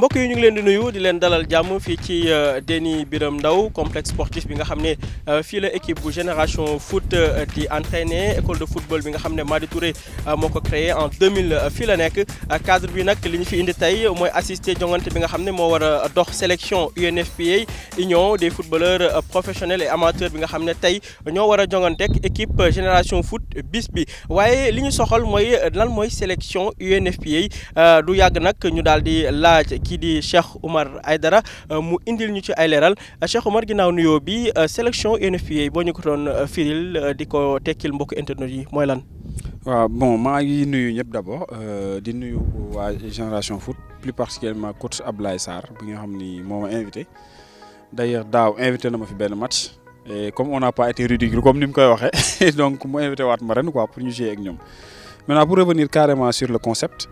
mbokk yi ñu ngi leen di nuyu di leen dalal jàmm fii ci euh, deni Biram ndaw complexe sportif bi nga xam ne euh, fii la équipe bu génération foot euh, di entraîné école de football bi nga xam ne Madi Touré moo ko créé en 2000 fii la nekk cadre bi nak li ñu fi indi tey mooy assister jongante bi nga xam ne moo war a dox sélection UNFPA union des footballeurs professionnels et amateurs bi nga xam ne tey ñoo war a jongante équipe génération foot bis bi waaye li ñu soxal mooy lan mooy sélection UNFPA du yàgg nag ñu daal di laaj kii di Cheikh Omar Aidara euh, mu indil ñu ci ay leral Cheikh Omar ginaaw nuyo bi euh, sélection UNFPA yi ñu ko ton euh, firil diko tekkil mbokk internet yi moy lan. waaw bon ma ngi nuyu ñep d'abord di nuyu wa Génération Foot plus particulièrement coach Ablaye Sar bi nga xamni moma invité d'ailleurs daw invité na ma fi ben match. Et comme on n'a pas été ridicule comme nim koy waxé donc mu invité waat ma ren quoi pour ñu jouer ak ñom maintenant pour revenir carrément sur le concept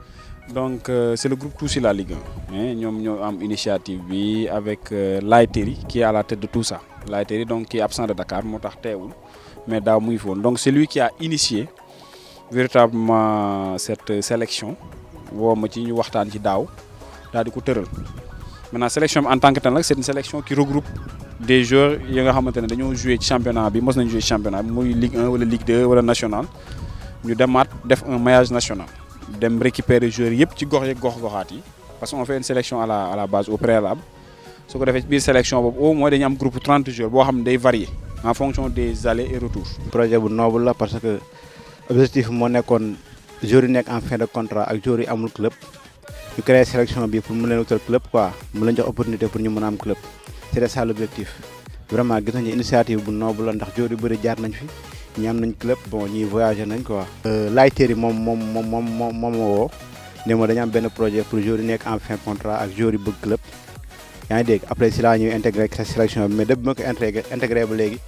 donc euh, c'est le groupe sur la Ligue 1. Hein, nous avons une initiative avec euh, Laïteri qui est à la tête de tout ça. Laïteri donc qui est absent de Dakar, mais Donc c'est lui qui a initié véritablement cette sélection. parlé de Maintenant, la sélection en tant que telle, c'est une sélection qui regroupe des joueurs qui ont joué le championnat, Nous ont joué le championnat, Ligue 1 ou Ligue 2 ou National. Nous avons fait un maillage national de récupérer joueurs yëpp ci gox yeeg gox goxaat parce qu'on fait une sélection à la à la base au préalable su ko defee sélection bob au moins dañu am groupe 30 joueurs bo xam day varier en fonction des allers et retours. projet bu noble la parce que objectif mo nekkoon joueurs yi en fin de contrat ak joueurs yi amul club ñu créer sélection bi pour mu club quoi mu jox opportunité pour ñu mëna am club c'est ça l'objectif vraiment gis nañu initiative bu noble la ndax joueurs yu bëri jaar nañ fi. ñi nañ club bon ñuy voyagé nañ quoi. Euh, laajteer yi moom moom moom moom moom woo ne ma dañu am benn projet pour joueur nekk en fin contrat ak joueur yi bëgg club yaa ngi dégg après si laa ñuy intégré sélection mais depuis ma ko intégré ba léegi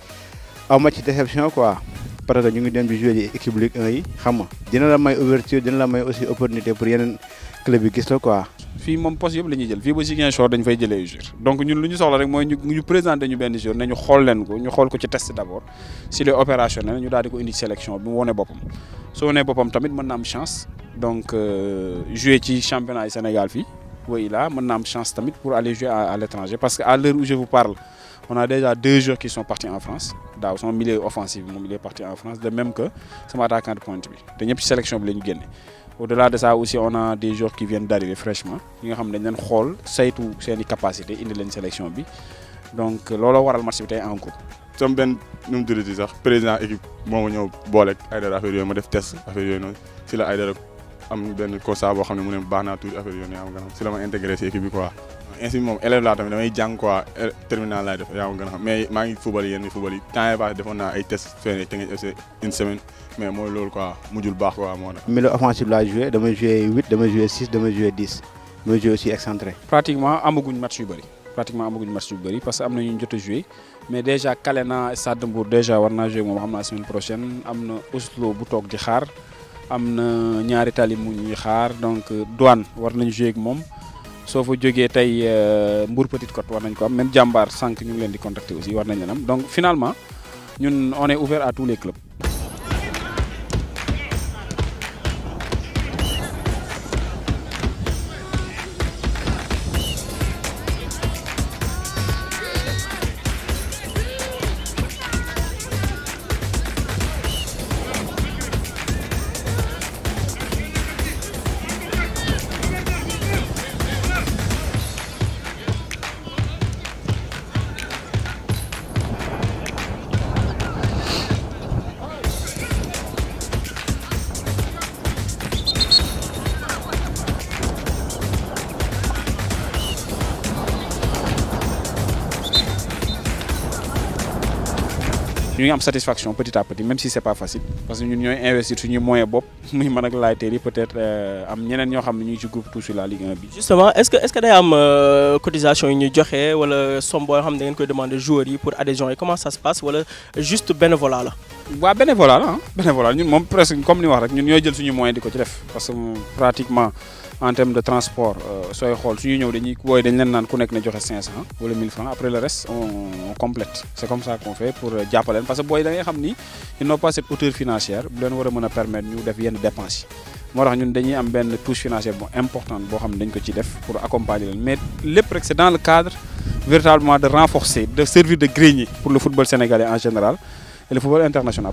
aw ma ci déception quoi parce que ñu ngi dem di jouer équipe Ligue 1 yi xam nga dina la may ouverture dina la may aussi opportunité pour yeneen. club bi gis la quoi. fi mom poste yëpp la ñuy jël fii ba Ziguinchor dañ fay jëlee jour donc ñun luñu soxla rek moy ñu ñu présenter ñu benn jour nañu xol len ko ñu xol ko ci test d'abord si les opérationnel ñu daal di ko indi sélection bi woné bopam boppam soo wonee tamit mën na am chance donc euh, jouer ci championnat du Sénégal fi Oui là mën na am chance tamit pour aller jouer à l'étranger. parce que à l'heure où je vous parle on a déjà deux joueurs qui sont partis en France daaw son milieu offensif moom il est parti en France de même que sama attaquant de pointe bi te ñëpp ci sélection bi la ñu au-delà de ça aussi on a des joueurs qui viennent d'arriver fraîchement Nous nga xam une dañ ils saytu capacité indi sélection donc looloo waral match bi en cours. Je suis un sax président de l'équipe. de affaire suis def test affaire Je si la de am je suis mu Je baax affaire je am si la ma intégré de quoi ainsi mom élève là tamit damay jàng quoi euh, terminal laay def yaa ko xam mais ma ngi fubal yenn fubal yi temps yii passé defoon ay test feneen te nga essayé une semaine mais moy lool quoi mujjul bax quoi moo tax. milieu offensif la jouer damay jouer 8 damay jouer 6 damay jouer 10 damay joué aussi excentré. pratiquement amaguñ match yu bari pratiquement amaguñ match yu bari parce que amna ñu jot jouer mais déjà Kalena naa Stade Mbour déjà war naa joué moom xam semaine prochaine amna Oslo bu tok di xaar amna ñaari talim mu ñuy xaar donc douane war nañ jouer ak mom soo fa jógee tey euh, mbur Petite Côte war nañ ko am même jàmbaar sànq ñu ngi leen di contacter aussi war nañ nam donc finalement ñun on est ouvert à tous les clubs. ñu avons am satisfaction petit à petit même si c'est pas facile parce que ñun avons investir suñuy moyen bopp muy man ak laay teel peut-être euh, am ñeneen ñoo xam ne ñu ngi ci groupe la Ligue 1 bi. justement est-ce que est-ce que day am euh, cotisation yi ñuy joxe wala somme boo xam ne da ngeen koy demander joueurs yi pour adhésion comment ça se passe wala juste bénévolat là. waaw bénévolat là, hein, ah bénévolat ñun moom presque comme ni wax rek ñun avons jël suñu moyen di ci def parce que pratiquement en termes de transport euh, soyez on su ñuy dañuy gens qui 500 ou 1000 francs après le reste on complète C'est comme ça qu'on fait pour Diapolène. Euh, parce que si on n'a ils n'ont pas cette hauteur financière bu ne war pas permettre ñu dépenses touche financière importante pour accompagner mais le c'est dans le cadre véritablement de renforcer de servir de grenier pour le football sénégalais en général et le football international